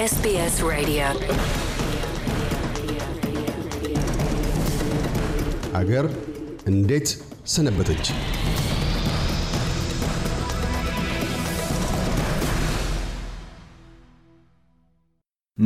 SBS Radio. አገር እንዴት ሰነበተች?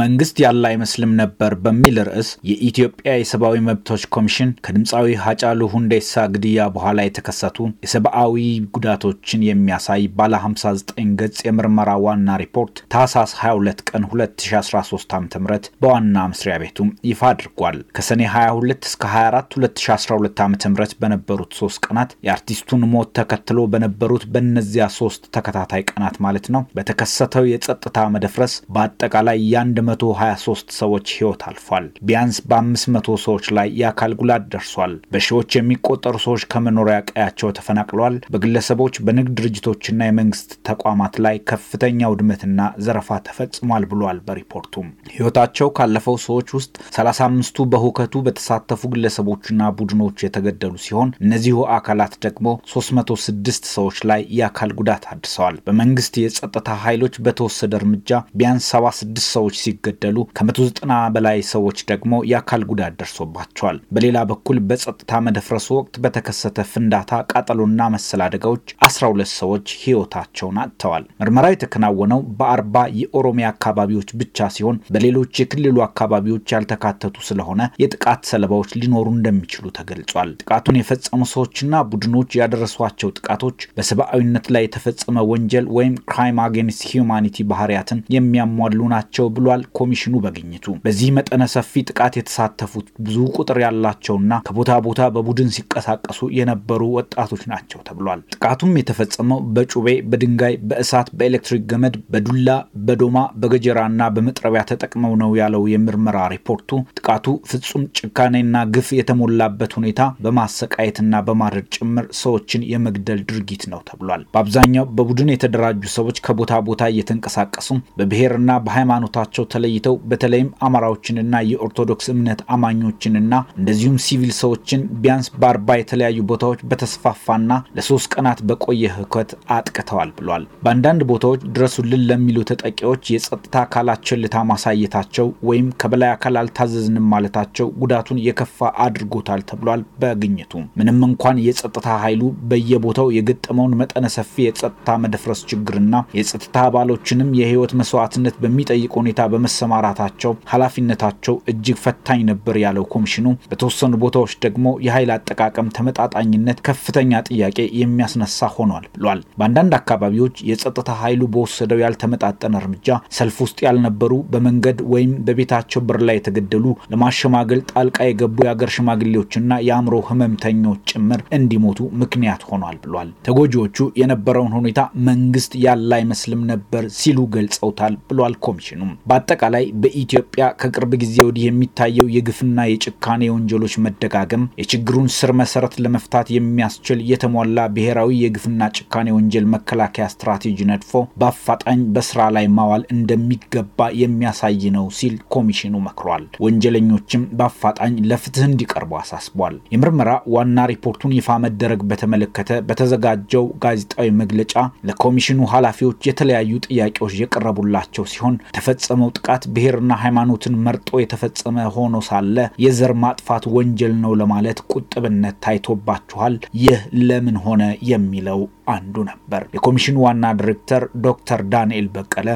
መንግስት ያለ አይመስልም ነበር በሚል ርዕስ የኢትዮጵያ የሰብአዊ መብቶች ኮሚሽን ከድምፃዊ ሀጫሉ ሁንዴሳ ግድያ በኋላ የተከሰቱ የሰብአዊ ጉዳቶችን የሚያሳይ ባለ 59 ገጽ የምርመራ ዋና ሪፖርት ታህሳስ 22 ቀን 2013 ዓ ም በዋና መስሪያ ቤቱ ይፋ አድርጓል። ከሰኔ 22 እስከ 24 2012 ዓ ም በነበሩት ሶስት ቀናት የአርቲስቱን ሞት ተከትሎ በነበሩት በእነዚያ ሶስት ተከታታይ ቀናት ማለት ነው በተከሰተው የጸጥታ መደፍረስ በአጠቃላይ ያንድ 123 ሰዎች ህይወት አልፏል። ቢያንስ በ500 ሰዎች ላይ የአካል ጉላት ደርሷል። በሺዎች የሚቆጠሩ ሰዎች ከመኖሪያ ቀያቸው ተፈናቅለዋል። በግለሰቦች በንግድ ድርጅቶችና የመንግስት ተቋማት ላይ ከፍተኛ ውድመትና ዘረፋ ተፈጽሟል ብሏል። በሪፖርቱም ህይወታቸው ካለፈው ሰዎች ውስጥ 35ቱ በሁከቱ በተሳተፉ ግለሰቦችና ቡድኖች የተገደሉ ሲሆን እነዚሁ አካላት ደግሞ 306 ሰዎች ላይ የአካል ጉዳት አድርሰዋል። በመንግስት የጸጥታ ኃይሎች በተወሰደ እርምጃ ቢያንስ 76 ሰዎች ሲ ሲገደሉ ከ190 በላይ ሰዎች ደግሞ የአካል ጉዳት ደርሶባቸዋል። በሌላ በኩል በጸጥታ መደፍረሱ ወቅት በተከሰተ ፍንዳታ፣ ቃጠሎና መሰል አደጋዎች 12 ሰዎች ሕይወታቸውን አጥተዋል። ምርመራው የተከናወነው በአርባ የኦሮሚያ አካባቢዎች ብቻ ሲሆን በሌሎች የክልሉ አካባቢዎች ያልተካተቱ ስለሆነ የጥቃት ሰለባዎች ሊኖሩ እንደሚችሉ ተገልጿል። ጥቃቱን የፈጸሙ ሰዎችና ቡድኖች ያደረሷቸው ጥቃቶች በሰብአዊነት ላይ የተፈጸመ ወንጀል ወይም ክራይም አጌንስት ሂዩማኒቲ ባህሪያትን የሚያሟሉ ናቸው ብሏል። ብሏል ኮሚሽኑ በግኝቱ። በዚህ መጠነ ሰፊ ጥቃት የተሳተፉት ብዙ ቁጥር ያላቸውና ከቦታ ቦታ በቡድን ሲቀሳቀሱ የነበሩ ወጣቶች ናቸው ተብሏል። ጥቃቱም የተፈጸመው በጩቤ፣ በድንጋይ፣ በእሳት፣ በኤሌክትሪክ ገመድ፣ በዱላ፣ በዶማ፣ በገጀራና በመጥረቢያ ተጠቅመው ነው ያለው የምርመራ ሪፖርቱ። ጥቃቱ ፍጹም ጭካኔና ግፍ የተሞላበት ሁኔታ በማሰቃየትና በማረድ ጭምር ሰዎችን የመግደል ድርጊት ነው ተብሏል። በአብዛኛው በቡድን የተደራጁ ሰዎች ከቦታ ቦታ እየተንቀሳቀሱ በብሔርና በሃይማኖታቸው ተለይተው በተለይም አማራዎችንና የኦርቶዶክስ እምነት አማኞችንና እንደዚሁም ሲቪል ሰዎችን ቢያንስ በአርባ የተለያዩ ቦታዎች በተስፋፋና ለሶስት ቀናት በቆየ ህከት አጥቅተዋል ብሏል። በአንዳንድ ቦታዎች ድረሱልን ለሚሉ ተጠቂዎች የጸጥታ አካላት ቸልታ ማሳየታቸው ወይም ከበላይ አካል አልታዘዝንም ማለታቸው ጉዳቱን የከፋ አድርጎታል ተብሏል። በግኝቱ ምንም እንኳን የጸጥታ ኃይሉ በየቦታው የገጠመውን መጠነ ሰፊ የጸጥታ መደፍረስ ችግርና የጸጥታ አባሎችንም የህይወት መስዋዕትነት በሚጠይቅ ሁኔታ በመሰማራታቸው ኃላፊነታቸው እጅግ ፈታኝ ነበር ያለው ኮሚሽኑ በተወሰኑ ቦታዎች ደግሞ የኃይል አጠቃቀም ተመጣጣኝነት ከፍተኛ ጥያቄ የሚያስነሳ ሆኗል ብሏል። በአንዳንድ አካባቢዎች የጸጥታ ኃይሉ በወሰደው ያልተመጣጠነ እርምጃ ሰልፍ ውስጥ ያልነበሩ፣ በመንገድ ወይም በቤታቸው በር ላይ የተገደሉ፣ ለማሸማገል ጣልቃ የገቡ የአገር ሽማግሌዎችና የአእምሮ ህመምተኞች ጭምር እንዲሞቱ ምክንያት ሆኗል ብሏል። ተጎጂዎቹ የነበረውን ሁኔታ መንግስት ያለ አይመስልም ነበር ሲሉ ገልጸውታል ብሏል ኮሚሽኑ። በአጠቃላይ በኢትዮጵያ ከቅርብ ጊዜ ወዲህ የሚታየው የግፍና የጭካኔ ወንጀሎች መደጋገም የችግሩን ስር መሰረት ለመፍታት የሚያስችል የተሟላ ብሔራዊ የግፍና ጭካኔ ወንጀል መከላከያ ስትራቴጂ ነድፎ በአፋጣኝ በስራ ላይ ማዋል እንደሚገባ የሚያሳይ ነው ሲል ኮሚሽኑ መክሯል። ወንጀለኞችም በአፋጣኝ ለፍትህ እንዲቀርቡ አሳስቧል። የምርመራ ዋና ሪፖርቱን ይፋ መደረግ በተመለከተ በተዘጋጀው ጋዜጣዊ መግለጫ ለኮሚሽኑ ኃላፊዎች የተለያዩ ጥያቄዎች የቀረቡላቸው ሲሆን ተፈጸመው ጥቃት ብሔርና ሃይማኖትን መርጦ የተፈጸመ ሆኖ ሳለ የዘር ማጥፋት ወንጀል ነው ለማለት ቁጥብነት ታይቶባችኋል። ይህ ለምን ሆነ የሚለው አንዱ ነበር። የኮሚሽኑ ዋና ዲሬክተር ዶክተር ዳንኤል በቀለ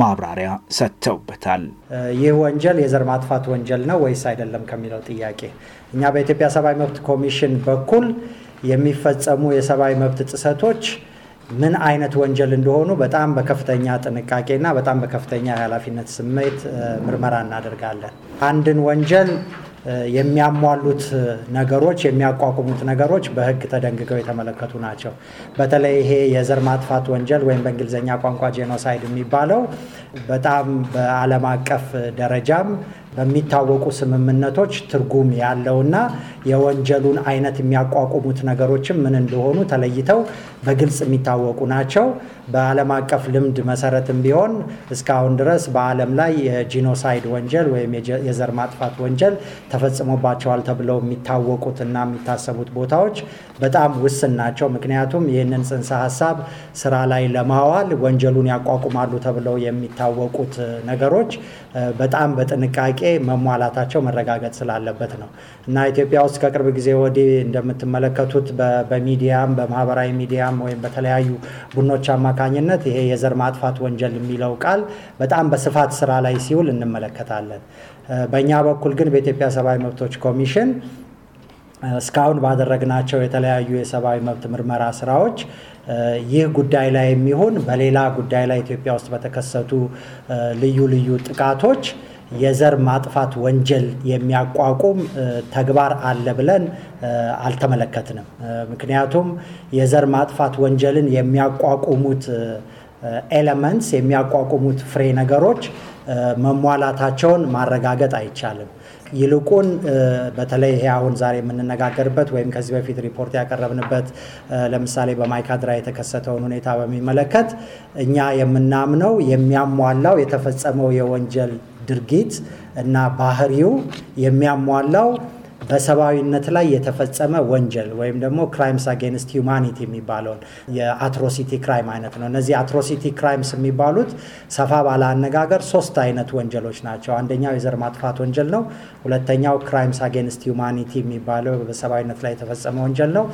ማብራሪያ ሰጥተውበታል። ይህ ወንጀል የዘር ማጥፋት ወንጀል ነው ወይስ አይደለም ከሚለው ጥያቄ እኛ በኢትዮጵያ ሰብአዊ መብት ኮሚሽን በኩል የሚፈጸሙ የሰብአዊ መብት ጥሰቶች ምን አይነት ወንጀል እንደሆኑ በጣም በከፍተኛ ጥንቃቄና በጣም በከፍተኛ የኃላፊነት ስሜት ምርመራ እናደርጋለን። አንድን ወንጀል የሚያሟሉት ነገሮች የሚያቋቁሙት ነገሮች በሕግ ተደንግገው የተመለከቱ ናቸው። በተለይ ይሄ የዘር ማጥፋት ወንጀል ወይም በእንግሊዝኛ ቋንቋ ጄኖሳይድ የሚባለው በጣም በዓለም አቀፍ ደረጃም በሚታወቁ ስምምነቶች ትርጉም ያለውና የወንጀሉን አይነት የሚያቋቁሙት ነገሮችም ምን እንደሆኑ ተለይተው በግልጽ የሚታወቁ ናቸው። በዓለም አቀፍ ልምድ መሰረትም ቢሆን እስካሁን ድረስ በዓለም ላይ የጂኖሳይድ ወንጀል ወይም የዘር ማጥፋት ወንጀል ተፈጽሞባቸዋል ተብለው የሚታወቁት እና የሚታሰቡት ቦታዎች በጣም ውስን ናቸው። ምክንያቱም ይህንን ጽንሰ ሀሳብ ስራ ላይ ለማዋል ወንጀሉን ያቋቁማሉ ተብለው የሚታወቁት ነገሮች በጣም በጥንቃቄ ጥያቄ መሟላታቸው መረጋገጥ ስላለበት ነው እና ኢትዮጵያ ውስጥ ከቅርብ ጊዜ ወዲህ እንደምትመለከቱት በሚዲያም በማህበራዊ ሚዲያም ወይም በተለያዩ ቡድኖች አማካኝነት ይሄ የዘር ማጥፋት ወንጀል የሚለው ቃል በጣም በስፋት ስራ ላይ ሲውል እንመለከታለን። በእኛ በኩል ግን በኢትዮጵያ ሰብአዊ መብቶች ኮሚሽን እስካሁን ባደረግናቸው የተለያዩ የሰብአዊ መብት ምርመራ ስራዎች ይህ ጉዳይ ላይ የሚሆን በሌላ ጉዳይ ላይ ኢትዮጵያ ውስጥ በተከሰቱ ልዩ ልዩ ጥቃቶች የዘር ማጥፋት ወንጀል የሚያቋቁም ተግባር አለ ብለን አልተመለከትንም። ምክንያቱም የዘር ማጥፋት ወንጀልን የሚያቋቁሙት ኤለመንትስ የሚያቋቁሙት ፍሬ ነገሮች መሟላታቸውን ማረጋገጥ አይቻልም። ይልቁን በተለይ ይሄ አሁን ዛሬ የምንነጋገርበት ወይም ከዚህ በፊት ሪፖርት ያቀረብንበት ለምሳሌ በማይካድራ የተከሰተውን ሁኔታ በሚመለከት እኛ የምናምነው የሚያሟላው የተፈጸመው የወንጀል ድርጊት እና ባህሪው የሚያሟላው በሰብአዊነት ላይ የተፈጸመ ወንጀል ወይም ደግሞ ክራይምስ አጌንስት ሁማኒቲ የሚባለውን የአትሮሲቲ ክራይም አይነት ነው። እነዚህ አትሮሲቲ ክራይምስ የሚባሉት ሰፋ ባለ አነጋገር ሶስት አይነት ወንጀሎች ናቸው። አንደኛው የዘር ማጥፋት ወንጀል ነው። ሁለተኛው ክራይምስ አጌንስት ሁማኒቲ የሚባለው በሰብአዊነት ላይ የተፈጸመ ወንጀል ነው።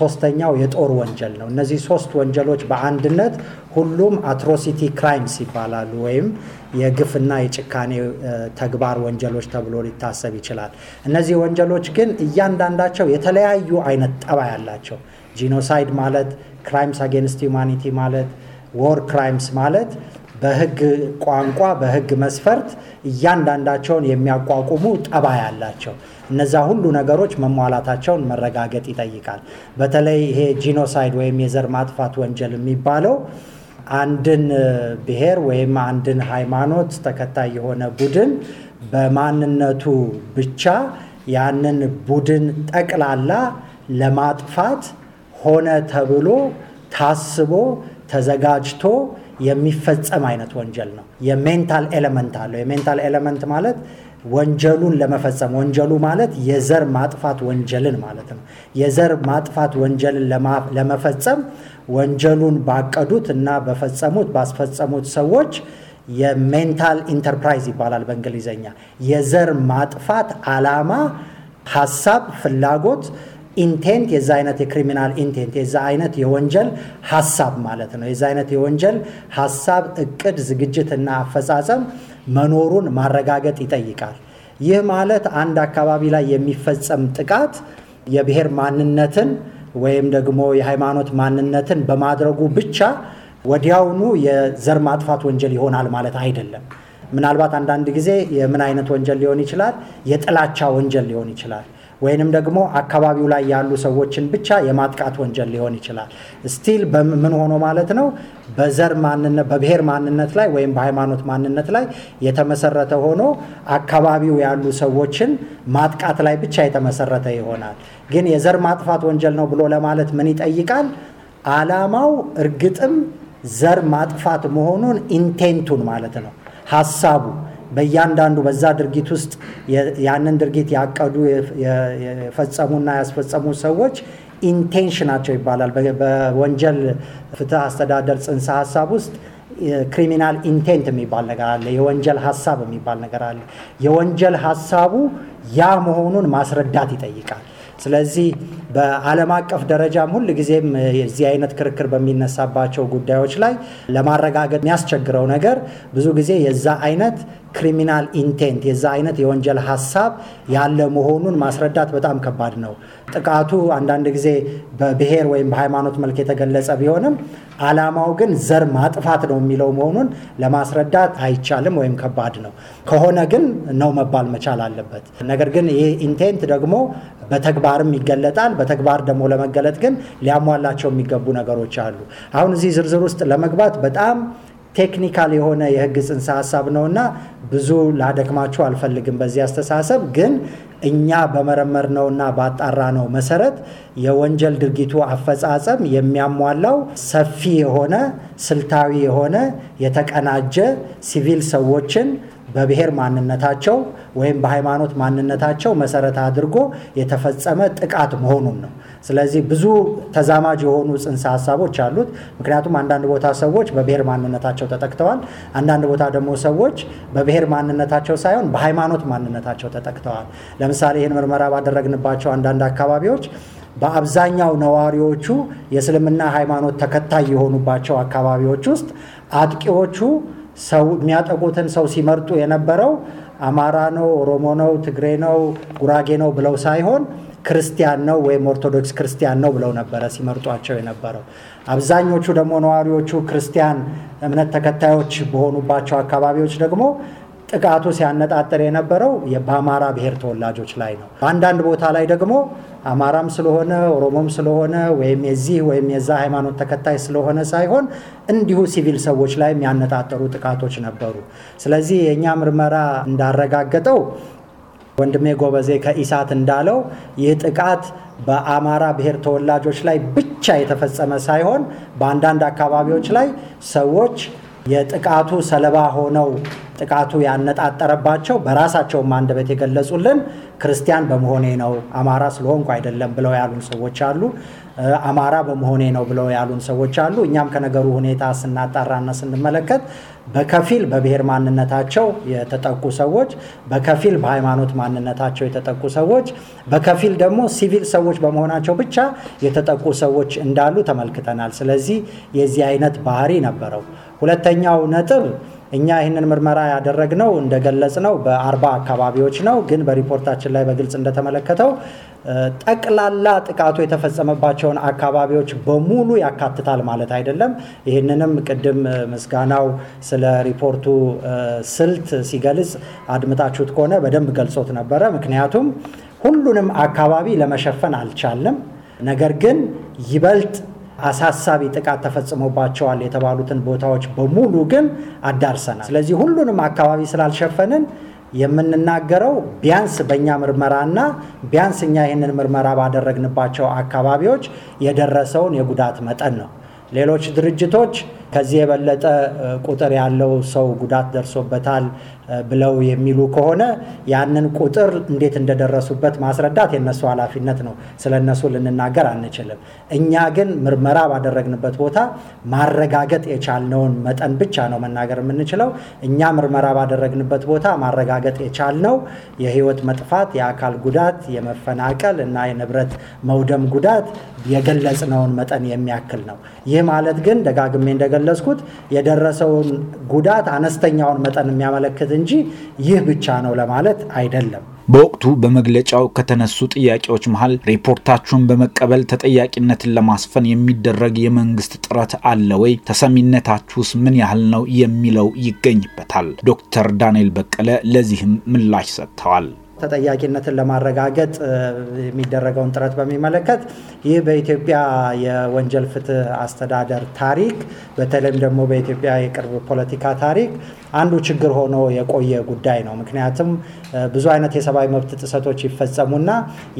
ሶስተኛው የጦር ወንጀል ነው። እነዚህ ሶስት ወንጀሎች በአንድነት ሁሉም አትሮሲቲ ክራይምስ ይባላሉ ወይም የግፍና የጭካኔ ተግባር ወንጀሎች ተብሎ ሊታሰብ ይችላል። እነዚህ ወንጀሎች ሰዎች ግን እያንዳንዳቸው የተለያዩ አይነት ጠባይ ያላቸው ጂኖሳይድ ማለት ክራይምስ አጌንስት ዩማኒቲ ማለት ዎር ክራይምስ ማለት በህግ ቋንቋ በህግ መስፈርት እያንዳንዳቸውን የሚያቋቁሙ ጠባይ ያላቸው እነዛ ሁሉ ነገሮች መሟላታቸውን መረጋገጥ ይጠይቃል። በተለይ ይሄ ጂኖሳይድ ወይም የዘር ማጥፋት ወንጀል የሚባለው አንድን ብሔር ወይም አንድን ሃይማኖት ተከታይ የሆነ ቡድን በማንነቱ ብቻ ያንን ቡድን ጠቅላላ ለማጥፋት ሆነ ተብሎ ታስቦ ተዘጋጅቶ የሚፈጸም አይነት ወንጀል ነው። የሜንታል ኤለመንት አለው። የሜንታል ኤለመንት ማለት ወንጀሉን ለመፈጸም ወንጀሉ ማለት የዘር ማጥፋት ወንጀልን ማለት ነው። የዘር ማጥፋት ወንጀልን ለመፈጸም ወንጀሉን ባቀዱት እና በፈጸሙት ባስፈጸሙት ሰዎች የሜንታል ኢንተርፕራይዝ ይባላል በእንግሊዘኛ። የዘር ማጥፋት አላማ፣ ሀሳብ፣ ፍላጎት ኢንቴንት የዛ አይነት የክሪሚናል ኢንቴንት የዛ አይነት የወንጀል ሀሳብ ማለት ነው። የዛ አይነት የወንጀል ሀሳብ፣ እቅድ፣ ዝግጅት እና አፈጻጸም መኖሩን ማረጋገጥ ይጠይቃል። ይህ ማለት አንድ አካባቢ ላይ የሚፈጸም ጥቃት የብሔር ማንነትን ወይም ደግሞ የሃይማኖት ማንነትን በማድረጉ ብቻ ወዲያውኑ የዘር ማጥፋት ወንጀል ይሆናል ማለት አይደለም። ምናልባት አንዳንድ ጊዜ የምን አይነት ወንጀል ሊሆን ይችላል? የጥላቻ ወንጀል ሊሆን ይችላል። ወይንም ደግሞ አካባቢው ላይ ያሉ ሰዎችን ብቻ የማጥቃት ወንጀል ሊሆን ይችላል። ስቲል በምን ሆኖ ማለት ነው በዘር ማንነት፣ በብሔር ማንነት ላይ ወይም በሃይማኖት ማንነት ላይ የተመሰረተ ሆኖ አካባቢው ያሉ ሰዎችን ማጥቃት ላይ ብቻ የተመሰረተ ይሆናል። ግን የዘር ማጥፋት ወንጀል ነው ብሎ ለማለት ምን ይጠይቃል? አላማው እርግጥም ዘር ማጥፋት መሆኑን ኢንቴንቱን ማለት ነው ሀሳቡ በእያንዳንዱ በዛ ድርጊት ውስጥ ያንን ድርጊት ያቀዱ የፈጸሙና ያስፈጸሙ ሰዎች ኢንቴንሽናቸው ይባላል። በወንጀል ፍትህ አስተዳደር ጽንሰ ሀሳብ ውስጥ ክሪሚናል ኢንቴንት የሚባል ነገር አለ። የወንጀል ሀሳብ የሚባል ነገር አለ። የወንጀል ሀሳቡ ያ መሆኑን ማስረዳት ይጠይቃል። ስለዚህ በዓለም አቀፍ ደረጃም ሁል ጊዜም የዚህ አይነት ክርክር በሚነሳባቸው ጉዳዮች ላይ ለማረጋገጥ የሚያስቸግረው ነገር ብዙ ጊዜ የዛ አይነት ክሪሚናል ኢንቴንት የዛ አይነት የወንጀል ሀሳብ ያለ መሆኑን ማስረዳት በጣም ከባድ ነው። ጥቃቱ አንዳንድ ጊዜ በብሔር ወይም በሃይማኖት መልክ የተገለጸ ቢሆንም አላማው ግን ዘር ማጥፋት ነው የሚለው መሆኑን ለማስረዳት አይቻልም ወይም ከባድ ነው። ከሆነ ግን ነው መባል መቻል አለበት። ነገር ግን ይህ ኢንቴንት ደግሞ በተግባርም ይገለጣል። በተግባር ደግሞ ለመገለጥ ግን ሊያሟላቸው የሚገቡ ነገሮች አሉ። አሁን እዚህ ዝርዝር ውስጥ ለመግባት በጣም ቴክኒካል የሆነ የህግ ጽንሰ ሀሳብ ነውና ብዙ ላደክማችሁ አልፈልግም። በዚህ አስተሳሰብ ግን እኛ በመረመር ነውና ባጣራ ነው መሰረት የወንጀል ድርጊቱ አፈጻጸም የሚያሟላው ሰፊ የሆነ ስልታዊ የሆነ የተቀናጀ ሲቪል ሰዎችን በብሔር ማንነታቸው ወይም በሃይማኖት ማንነታቸው መሰረት አድርጎ የተፈጸመ ጥቃት መሆኑን ነው። ስለዚህ ብዙ ተዛማጅ የሆኑ ጽንሰ ሀሳቦች አሉት። ምክንያቱም አንዳንድ ቦታ ሰዎች በብሔር ማንነታቸው ተጠቅተዋል። አንዳንድ ቦታ ደግሞ ሰዎች በብሔር ማንነታቸው ሳይሆን በሃይማኖት ማንነታቸው ተጠቅተዋል። ለምሳሌ ይህን ምርመራ ባደረግንባቸው አንዳንድ አካባቢዎች በአብዛኛው ነዋሪዎቹ የእስልምና ሃይማኖት ተከታይ የሆኑባቸው አካባቢዎች ውስጥ አጥቂዎቹ ሰው የሚያጠቁትን ሰው ሲመርጡ የነበረው አማራ ነው፣ ኦሮሞ ነው፣ ትግሬ ነው፣ ጉራጌ ነው ብለው ሳይሆን ክርስቲያን ነው ወይም ኦርቶዶክስ ክርስቲያን ነው ብለው ነበረ ሲመርጧቸው የነበረው። አብዛኞቹ ደግሞ ነዋሪዎቹ ክርስቲያን እምነት ተከታዮች በሆኑባቸው አካባቢዎች ደግሞ ጥቃቱ ሲያነጣጥር የነበረው በአማራ ብሔር ተወላጆች ላይ ነው። በአንዳንድ ቦታ ላይ ደግሞ አማራም ስለሆነ ኦሮሞም ስለሆነ ወይም የዚህ ወይም የዛ ሃይማኖት ተከታይ ስለሆነ ሳይሆን እንዲሁ ሲቪል ሰዎች ላይ የሚያነጣጠሩ ጥቃቶች ነበሩ። ስለዚህ የእኛ ምርመራ እንዳረጋገጠው ወንድሜ ጎበዜ ከኢሳት እንዳለው ይህ ጥቃት በአማራ ብሔር ተወላጆች ላይ ብቻ የተፈጸመ ሳይሆን በአንዳንድ አካባቢዎች ላይ ሰዎች የጥቃቱ ሰለባ ሆነው ጥቃቱ ያነጣጠረባቸው በራሳቸውም አንደበት የገለጹልን ክርስቲያን በመሆኔ ነው፣ አማራ ስለሆንኩ አይደለም ብለው ያሉን ሰዎች አሉ። አማራ በመሆኔ ነው ብለው ያሉን ሰዎች አሉ። እኛም ከነገሩ ሁኔታ ስናጣራና ስንመለከት በከፊል በብሔር ማንነታቸው የተጠቁ ሰዎች፣ በከፊል በሃይማኖት ማንነታቸው የተጠቁ ሰዎች፣ በከፊል ደግሞ ሲቪል ሰዎች በመሆናቸው ብቻ የተጠቁ ሰዎች እንዳሉ ተመልክተናል። ስለዚህ የዚህ አይነት ባህሪ ነበረው። ሁለተኛው ነጥብ እኛ ይህንን ምርመራ ያደረግነው እንደገለጽ ነው በአርባ አካባቢዎች ነው። ግን በሪፖርታችን ላይ በግልጽ እንደተመለከተው ጠቅላላ ጥቃቱ የተፈጸመባቸውን አካባቢዎች በሙሉ ያካትታል ማለት አይደለም። ይህንንም ቅድም ምስጋናው ስለ ሪፖርቱ ስልት ሲገልጽ አድምጣችሁት ከሆነ በደንብ ገልጾት ነበረ። ምክንያቱም ሁሉንም አካባቢ ለመሸፈን አልቻለም። ነገር ግን ይበልጥ አሳሳቢ ጥቃት ተፈጽሞባቸዋል የተባሉትን ቦታዎች በሙሉ ግን አዳርሰናል። ስለዚህ ሁሉንም አካባቢ ስላልሸፈንን የምንናገረው ቢያንስ በእኛ ምርመራና ቢያንስ እኛ ይህንን ምርመራ ባደረግንባቸው አካባቢዎች የደረሰውን የጉዳት መጠን ነው። ሌሎች ድርጅቶች ከዚህ የበለጠ ቁጥር ያለው ሰው ጉዳት ደርሶበታል ብለው የሚሉ ከሆነ ያንን ቁጥር እንዴት እንደደረሱበት ማስረዳት የነሱ ኃላፊነት ነው። ስለ እነሱ ልንናገር አንችልም። እኛ ግን ምርመራ ባደረግንበት ቦታ ማረጋገጥ የቻልነውን መጠን ብቻ ነው መናገር የምንችለው። እኛ ምርመራ ባደረግንበት ቦታ ማረጋገጥ የቻልነው የህይወት መጥፋት፣ የአካል ጉዳት፣ የመፈናቀል እና የንብረት መውደም ጉዳት የገለጽነውን መጠን የሚያክል ነው። ይህ ማለት ግን ደጋግሜ እንደገ የገለጽኩት የደረሰውን ጉዳት አነስተኛውን መጠን የሚያመለክት እንጂ ይህ ብቻ ነው ለማለት አይደለም። በወቅቱ በመግለጫው ከተነሱ ጥያቄዎች መሀል ሪፖርታችሁን በመቀበል ተጠያቂነትን ለማስፈን የሚደረግ የመንግስት ጥረት አለ ወይ? ተሰሚነታችሁስ ምን ያህል ነው? የሚለው ይገኝበታል። ዶክተር ዳንኤል በቀለ ለዚህም ምላሽ ሰጥተዋል። ተጠያቂነትን ለማረጋገጥ የሚደረገውን ጥረት በሚመለከት ይህ በኢትዮጵያ የወንጀል ፍትህ አስተዳደር ታሪክ በተለይም ደግሞ በኢትዮጵያ የቅርብ ፖለቲካ ታሪክ አንዱ ችግር ሆኖ የቆየ ጉዳይ ነው። ምክንያቱም ብዙ አይነት የሰብአዊ መብት ጥሰቶች ይፈጸሙና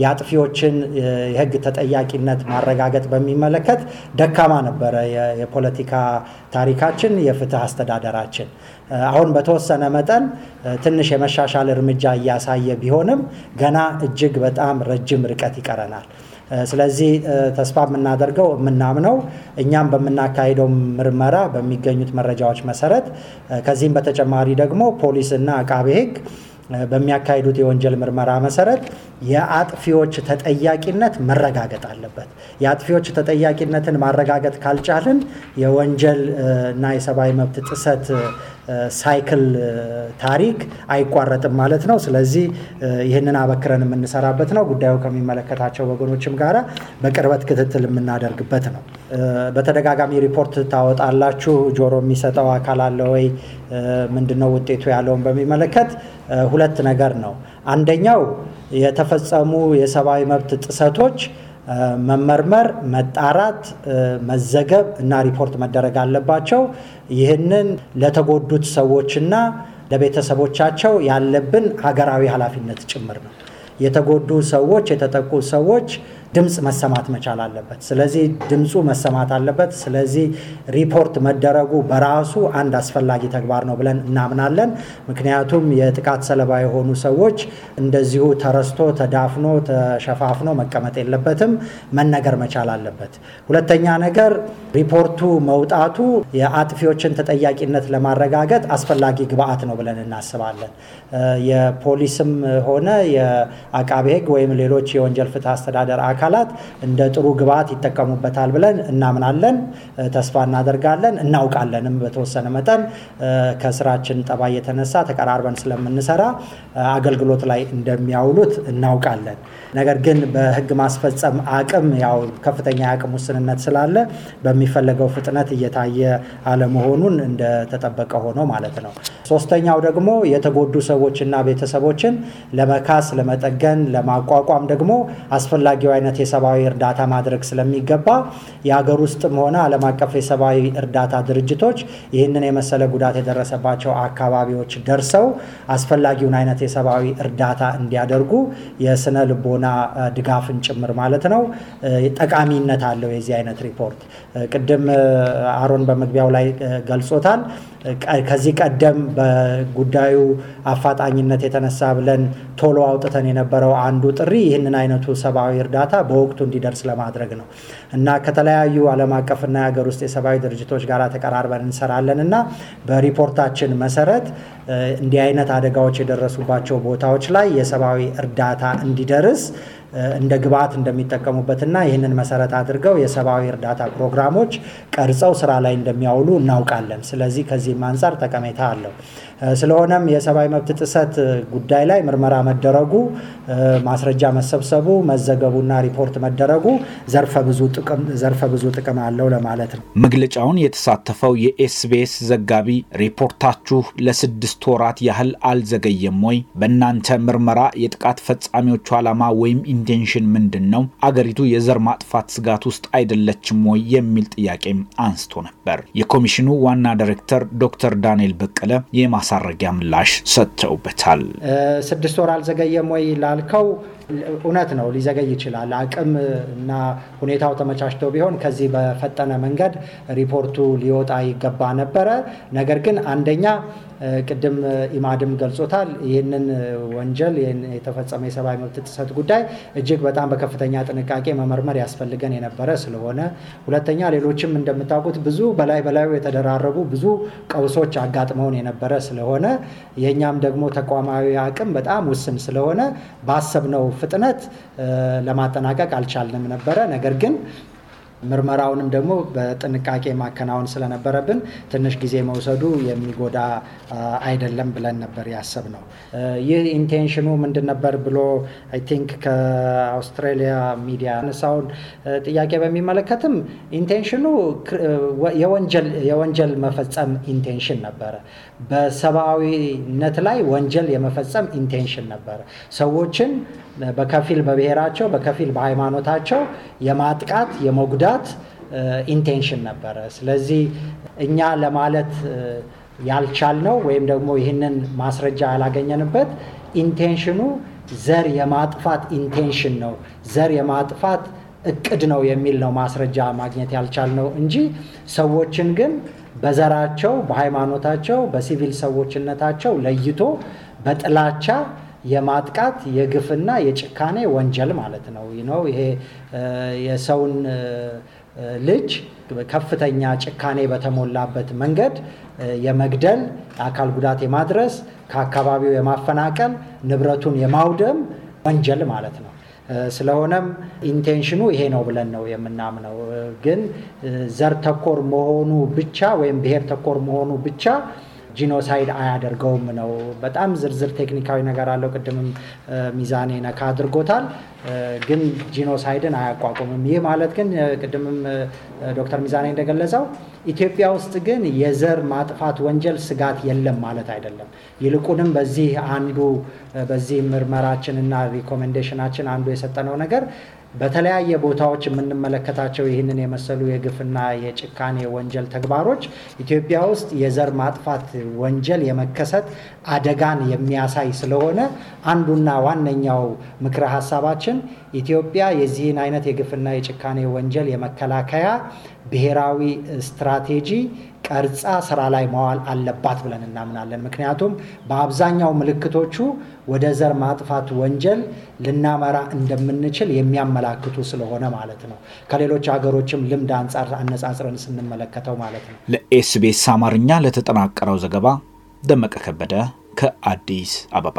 የአጥፊዎችን የህግ ተጠያቂነት ማረጋገጥ በሚመለከት ደካማ ነበረ የፖለቲካ ታሪካችን፣ የፍትህ አስተዳደራችን። አሁን በተወሰነ መጠን ትንሽ የመሻሻል እርምጃ እያሳየ ቢሆንም ገና እጅግ በጣም ረጅም ርቀት ይቀረናል። ስለዚህ ተስፋ የምናደርገው የምናምነው እኛም በምናካሄደው ምርመራ በሚገኙት መረጃዎች መሰረት ከዚህም በተጨማሪ ደግሞ ፖሊስ እና አቃቤ ህግ በሚያካሂዱት የወንጀል ምርመራ መሰረት የአጥፊዎች ተጠያቂነት መረጋገጥ አለበት። የአጥፊዎች ተጠያቂነትን ማረጋገጥ ካልቻልን የወንጀል እና የሰብአዊ መብት ጥሰት ሳይክል ታሪክ አይቋረጥም ማለት ነው። ስለዚህ ይህንን አበክረን የምንሰራበት ነው። ጉዳዩ ከሚመለከታቸው ወገኖችም ጋር በቅርበት ክትትል የምናደርግበት ነው። በተደጋጋሚ ሪፖርት ታወጣላችሁ፣ ጆሮ የሚሰጠው አካል አለ ወይ፣ ምንድነው ውጤቱ ያለውን በሚመለከት ሁለት ነገር ነው። አንደኛው የተፈጸሙ የሰብአዊ መብት ጥሰቶች መመርመር፣ መጣራት፣ መዘገብ እና ሪፖርት መደረግ አለባቸው። ይህንን ለተጎዱት ሰዎችና ለቤተሰቦቻቸው ያለብን ሀገራዊ ኃላፊነት ጭምር ነው። የተጎዱ ሰዎች የተጠቁ ሰዎች ድምፅ መሰማት መቻል አለበት። ስለዚህ ድምፁ መሰማት አለበት። ስለዚህ ሪፖርት መደረጉ በራሱ አንድ አስፈላጊ ተግባር ነው ብለን እናምናለን። ምክንያቱም የጥቃት ሰለባ የሆኑ ሰዎች እንደዚሁ ተረስቶ፣ ተዳፍኖ፣ ተሸፋፍኖ መቀመጥ የለበትም። መነገር መቻል አለበት። ሁለተኛ ነገር ሪፖርቱ መውጣቱ የአጥፊዎችን ተጠያቂነት ለማረጋገጥ አስፈላጊ ግብአት ነው ብለን እናስባለን። የፖሊስም ሆነ የአቃቤ ሕግ ወይም ሌሎች የወንጀል ፍትህ አስተዳደር አካል አካላት እንደ ጥሩ ግብዓት ይጠቀሙበታል ብለን እናምናለን፣ ተስፋ እናደርጋለን፣ እናውቃለንም በተወሰነ መጠን ከስራችን ጠባይ የተነሳ ተቀራርበን ስለምንሰራ አገልግሎት ላይ እንደሚያውሉት እናውቃለን። ነገር ግን በህግ ማስፈጸም አቅም ያው ከፍተኛ የአቅም ውስንነት ስላለ በሚፈለገው ፍጥነት እየታየ አለመሆኑን እንደተጠበቀ ሆኖ ማለት ነው። ሶስተኛው ደግሞ የተጎዱ ሰዎችና ቤተሰቦችን ለመካስ ለመጠገን፣ ለማቋቋም ደግሞ አስፈላጊው አይነት አይነት የሰብአዊ እርዳታ ማድረግ ስለሚገባ የሀገር ውስጥም ሆነ ዓለም አቀፍ የሰብአዊ እርዳታ ድርጅቶች ይህንን የመሰለ ጉዳት የደረሰባቸው አካባቢዎች ደርሰው አስፈላጊውን አይነት የሰብአዊ እርዳታ እንዲያደርጉ የስነ ልቦና ድጋፍን ጭምር ማለት ነው ጠቃሚነት አለው የዚህ አይነት ሪፖርት። ቅድም አሮን በመግቢያው ላይ ገልጾታል። ከዚህ ቀደም በጉዳዩ አፋጣኝነት የተነሳ ብለን ቶሎ አውጥተን የነበረው አንዱ ጥሪ ይህንን አይነቱ ሰብአዊ እርዳታ በወቅቱ እንዲደርስ ለማድረግ ነው እና ከተለያዩ ዓለም አቀፍና የሀገር ውስጥ የሰብአዊ ድርጅቶች ጋር ተቀራርበን እንሰራለን እና በሪፖርታችን መሰረት እንዲህ አይነት አደጋዎች የደረሱባቸው ቦታዎች ላይ የሰብአዊ እርዳታ እንዲደርስ እንደ ግብዓት እንደሚጠቀሙበትና ይህንን መሰረት አድርገው የሰብአዊ እርዳታ ፕሮግራሞች ቀርጸው ስራ ላይ እንደሚያውሉ እናውቃለን። ስለዚህ ከዚህም አንጻር ጠቀሜታ አለው። ስለሆነም የሰብአዊ መብት ጥሰት ጉዳይ ላይ ምርመራ መደረጉ፣ ማስረጃ መሰብሰቡ፣ መዘገቡና ሪፖርት መደረጉ ዘርፈ ብዙ ጥቅም አለው ለማለት ነው። መግለጫውን የተሳተፈው የኤስቢኤስ ዘጋቢ ሪፖርታችሁ ለስድስት ወራት ያህል አልዘገየም ወይ? በእናንተ ምርመራ የጥቃት ፈጻሚዎቹ ዓላማ ወይም ኢንቴንሽን ምንድን ነው? አገሪቱ የዘር ማጥፋት ስጋት ውስጥ አይደለችም ወይ? የሚል ጥያቄም አንስቶ ነበር። የኮሚሽኑ ዋና ዳይሬክተር ዶክተር ዳንኤል በቀለ የማሳ ማሳረጊያ ምላሽ ሰጥተውበታል። ስድስት ወር አልዘገየም ወይ ላልከው እውነት ነው ሊዘገይ ይችላል። አቅም እና ሁኔታው ተመቻችተው ቢሆን ከዚህ በፈጠነ መንገድ ሪፖርቱ ሊወጣ ይገባ ነበረ። ነገር ግን አንደኛ ቅድም ኢማድም ገልጾታል። ይህንን ወንጀል የተፈጸመ የሰብአዊ መብት ጥሰት ጉዳይ እጅግ በጣም በከፍተኛ ጥንቃቄ መመርመር ያስፈልገን የነበረ ስለሆነ፣ ሁለተኛ ሌሎችም እንደምታውቁት ብዙ በላይ በላዩ የተደራረቡ ብዙ ቀውሶች አጋጥመውን የነበረ ስለሆነ የእኛም ደግሞ ተቋማዊ አቅም በጣም ውስን ስለሆነ ባሰብነው ፍጥነት ለማጠናቀቅ አልቻልንም ነበረ። ነገር ግን ምርመራውንም ደግሞ በጥንቃቄ ማከናወን ስለነበረብን ትንሽ ጊዜ መውሰዱ የሚጎዳ አይደለም ብለን ነበር ያሰብ ነው። ይህ ኢንቴንሽኑ ምንድን ነበር ብሎ አይ ቲንክ ከአውስትራሊያ ሚዲያ ያነሳውን ጥያቄ በሚመለከትም ኢንቴንሽኑ የወንጀል መፈጸም ኢንቴንሽን ነበረ። በሰብአዊነት ላይ ወንጀል የመፈጸም ኢንቴንሽን ነበረ። ሰዎችን በከፊል በብሔራቸው፣ በከፊል በሃይማኖታቸው የማጥቃት የመጉዳት ማውራት ኢንቴንሽን ነበረ። ስለዚህ እኛ ለማለት ያልቻል ነው ወይም ደግሞ ይህንን ማስረጃ ያላገኘንበት ኢንቴንሽኑ ዘር የማጥፋት ኢንቴንሽን ነው፣ ዘር የማጥፋት እቅድ ነው የሚል ነው ማስረጃ ማግኘት ያልቻል ነው እንጂ ሰዎችን ግን በዘራቸው፣ በሃይማኖታቸው፣ በሲቪል ሰዎችነታቸው ለይቶ በጥላቻ የማጥቃት የግፍና የጭካኔ ወንጀል ማለት ነው ነው ይሄ የሰውን ልጅ ከፍተኛ ጭካኔ በተሞላበት መንገድ የመግደል፣ የአካል ጉዳት የማድረስ፣ ከአካባቢው የማፈናቀል፣ ንብረቱን የማውደም ወንጀል ማለት ነው። ስለሆነም ኢንቴንሽኑ ይሄ ነው ብለን ነው የምናምነው። ግን ዘር ተኮር መሆኑ ብቻ ወይም ብሔር ተኮር መሆኑ ብቻ ጂኖሳይድ አያደርገውም ነው። በጣም ዝርዝር ቴክኒካዊ ነገር አለው። ቅድምም ሚዛኔ ነካ አድርጎታል። ግን ጂኖሳይድን አያቋቁምም። ይህ ማለት ግን ቅድምም ዶክተር ሚዛኔ እንደገለጸው ኢትዮጵያ ውስጥ ግን የዘር ማጥፋት ወንጀል ስጋት የለም ማለት አይደለም። ይልቁንም በዚህ አንዱ በዚህ ምርመራችንና ሪኮሜንዴሽናችን አንዱ የሰጠነው ነገር በተለያየ ቦታዎች የምንመለከታቸው ይህንን የመሰሉ የግፍና የጭካኔ ወንጀል ተግባሮች ኢትዮጵያ ውስጥ የዘር ማጥፋት ወንጀል የመከሰት አደጋን የሚያሳይ ስለሆነ አንዱና ዋነኛው ምክረ ሀሳባችን ኢትዮጵያ የዚህን አይነት የግፍና የጭካኔ ወንጀል የመከላከያ ብሔራዊ ስትራቴጂ ቀርጻ ስራ ላይ መዋል አለባት ብለን እናምናለን። ምክንያቱም በአብዛኛው ምልክቶቹ ወደ ዘር ማጥፋት ወንጀል ልናመራ እንደምንችል የሚያመላክቱ ስለሆነ ማለት ነው። ከሌሎች ሀገሮችም ልምድ አንጻር አነጻጽረን ስንመለከተው ማለት ነው። ለኤስቢኤስ አማርኛ ለተጠናቀረው ዘገባ ደመቀ ከበደ ከአዲስ አበባ